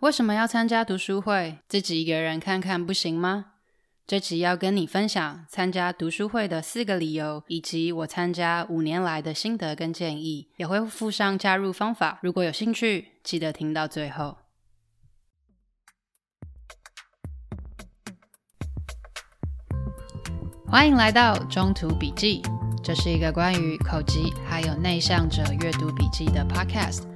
為什麼要參加讀書會？自己一個人看看不行嗎？這集要跟你分享參加讀書會的四個理由，以及我參加五年來的心得跟建議，也會附上加入方法。如果有興趣，記得聽到最後。歡迎來到中途筆記，這是一個關於口吃還有內向者閱讀筆記的 Podcast。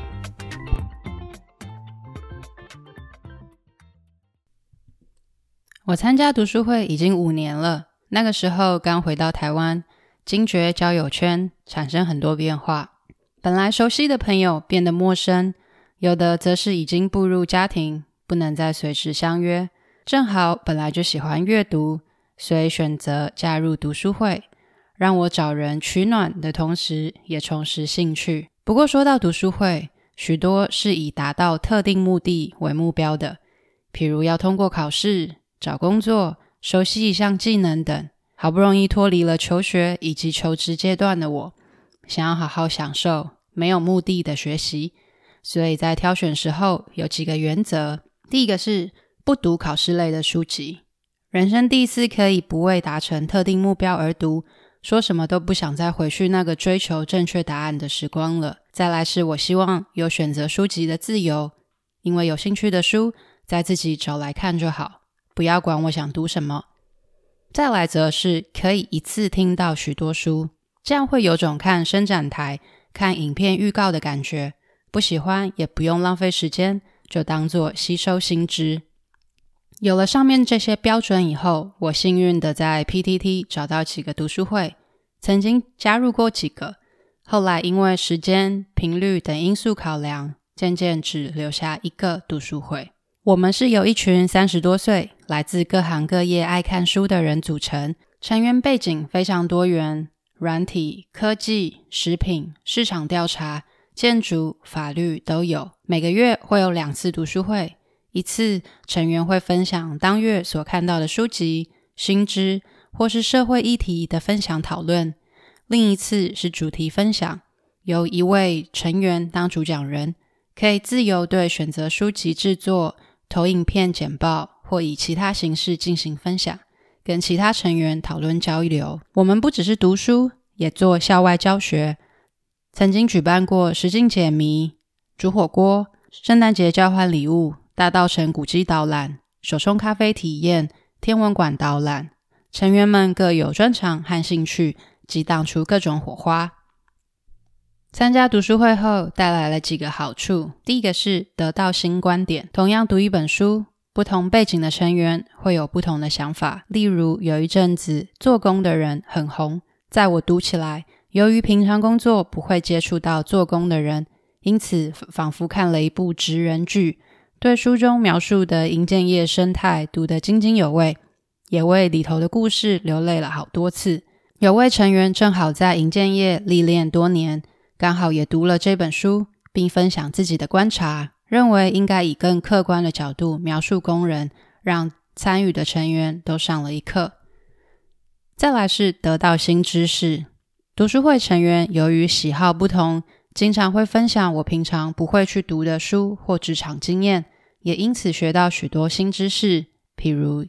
我參加讀書會已經五年了。那個時候剛回到台灣，驚覺交友圈產生很多變化。本來熟悉的朋友變得陌生，有的則是已經步入家庭，不能再隨時相約。正好本來就喜歡閱讀，所以選擇加入讀書會，讓我找人取暖的同時也重拾興趣。不過說到讀書會，許多是以達到特定目的為目標的，譬如要通過考試。找工作、熟悉一項技能等，好不容易脫離了求學以及求職階段的我，想要好好享受沒有目的的學習。所以在挑選時候有幾個原則：第一個是不讀考試類的書籍。人生第一次可以不為達成特定目標而讀，說什麼都不想再回去那個追求正確答案的時光了。再來是我希望有選擇書籍的自由，因為有興趣的書，再自己找來看就好。不要管我想讀什麼，再來則是可以一次聽到許多書，這樣會有種看伸展台、看影片預告的感覺。不喜歡也不用浪費時間，就當做吸收新知。有了上面這些標準以後，我幸運的在 PTT 找到幾個讀書會，曾經加入過幾個，後來因為時間、頻率等因素考量，漸漸只留下一個讀書會。我們是由一群三十多歲、來自各行各業、愛看書的人組成，成員背景非常多元，軟體、科技、食品、市場調查、建築、法律都有。每個月會有兩次讀書會，一次成員會分享當月所看到的書籍、新知或是社會議題的分享討論；另一次是主題分享，由一位成員當主講人，可以自由對選擇書籍製作。投影片簡報，或以其他形式進行分享，跟其他成員討論交流。我們不只是讀書，也做校外教學。曾經舉辦過實境解謎、煮火鍋、聖誕節交換禮物、大稻埕古蹟導覽、手沖咖啡體驗、天文館導覽。成員們各有專長和興趣，激盪出各種火花。參加讀書會後帶來了幾個好處。第一個是得到新觀點。同樣讀一本書，不同背景的成員會有不同的想法。例如，有一陣子做工的人很紅，在我讀起來，由於平常工作不會接觸到做工的人，因此仿佛看了一部職人劇，對書中描述的營建業生態讀得津津有味，也為裡頭的故事流淚了好多次。有位成員正好在營建業歷練多年。剛好也讀了這本書，並分享自己的觀察，認為應該以更客觀的角度描述工人，讓參與的成員都上了一課。再來是得到新知識，讀書會成員由於喜好不同，經常會分享我平常不會去讀的書或職場經驗，也因此學到許多新知識，譬如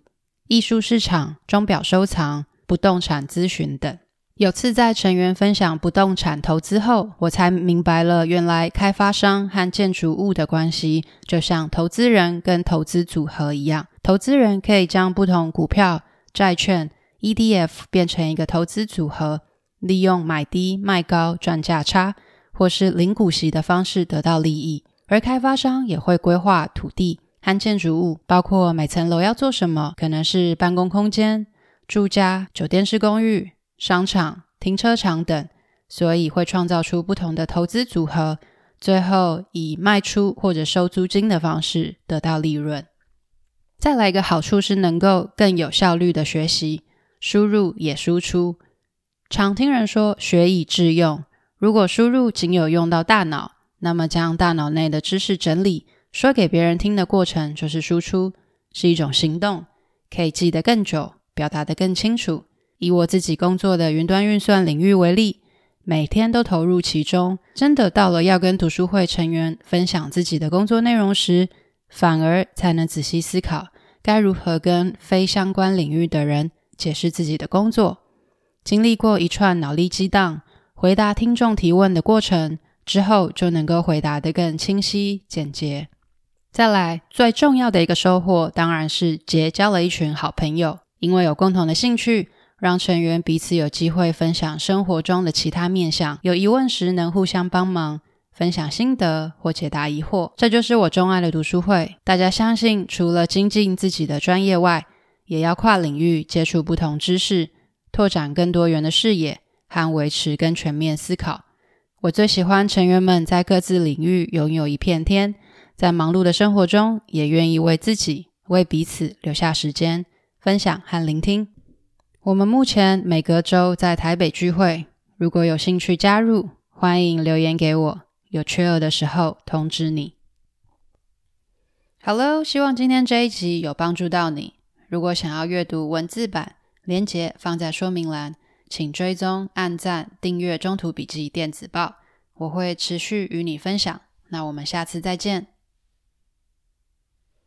藝術市場、鐘錶收藏、不動產諮詢等。有次在成員分享不動產投資後，我才明白了，原來開發商和建築物的關係就像投資人跟投資組合一樣。投資人可以將不同股票、債券、EDF 變成一個投資組合，利用買低賣高賺價差，或是零股息的方式得到利益。而開發商也會規劃土地和建築物，包括每層樓要做什麼，可能是辦公空間、住家、酒店式公寓、商場、停車場等，所以會創造出不同的投資組合，最後以賣出或者收租金的方式得到利潤。再來一個好處是能夠更有效率的學習，輸入也輸出。常聽人說“學以致用”，如果輸入僅有用到大腦，那麼將大腦內的知識整理，說給別人聽的過程就是輸出，是一種行動，可以記得更久，表達得更清楚。以我自己工作的雲端運算領域為例，每天都投入其中，真的到了要跟讀書會成員分享自己的工作內容時，反而才能仔細思考該如何跟非相關領域的人解釋自己的工作。經歷過一串腦力激盪、回答聽眾提問的過程之後，就能夠回答得更清晰、簡潔。再來，最重要的一個收穫當然是結交了一群好朋友，因為有共同的興趣。讓成員彼此有機會分享生活中的其他面向，有疑問時能互相幫忙，分享心得或解答疑惑。這就是我鍾愛的讀書會。大家相信，除了精進自己的專業外，也要跨領域接觸不同知識，拓展更多元的視野和維持更全面思考。我最喜歡成員們在各自領域擁有一片天，在忙碌的生活中也願意為自己、為彼此留下時間，分享和聆聽。我們目前每隔周在台北聚會，如果有興趣加入，歡迎留言給我，有缺額的時候通知你。Hello，希望今天這一集有幫助到你。如果想要閱讀文字版，連結放在說明欄，請追蹤、按讚、訂閱《中途筆記電子報》，我會持續與你分享。那我們下次再見。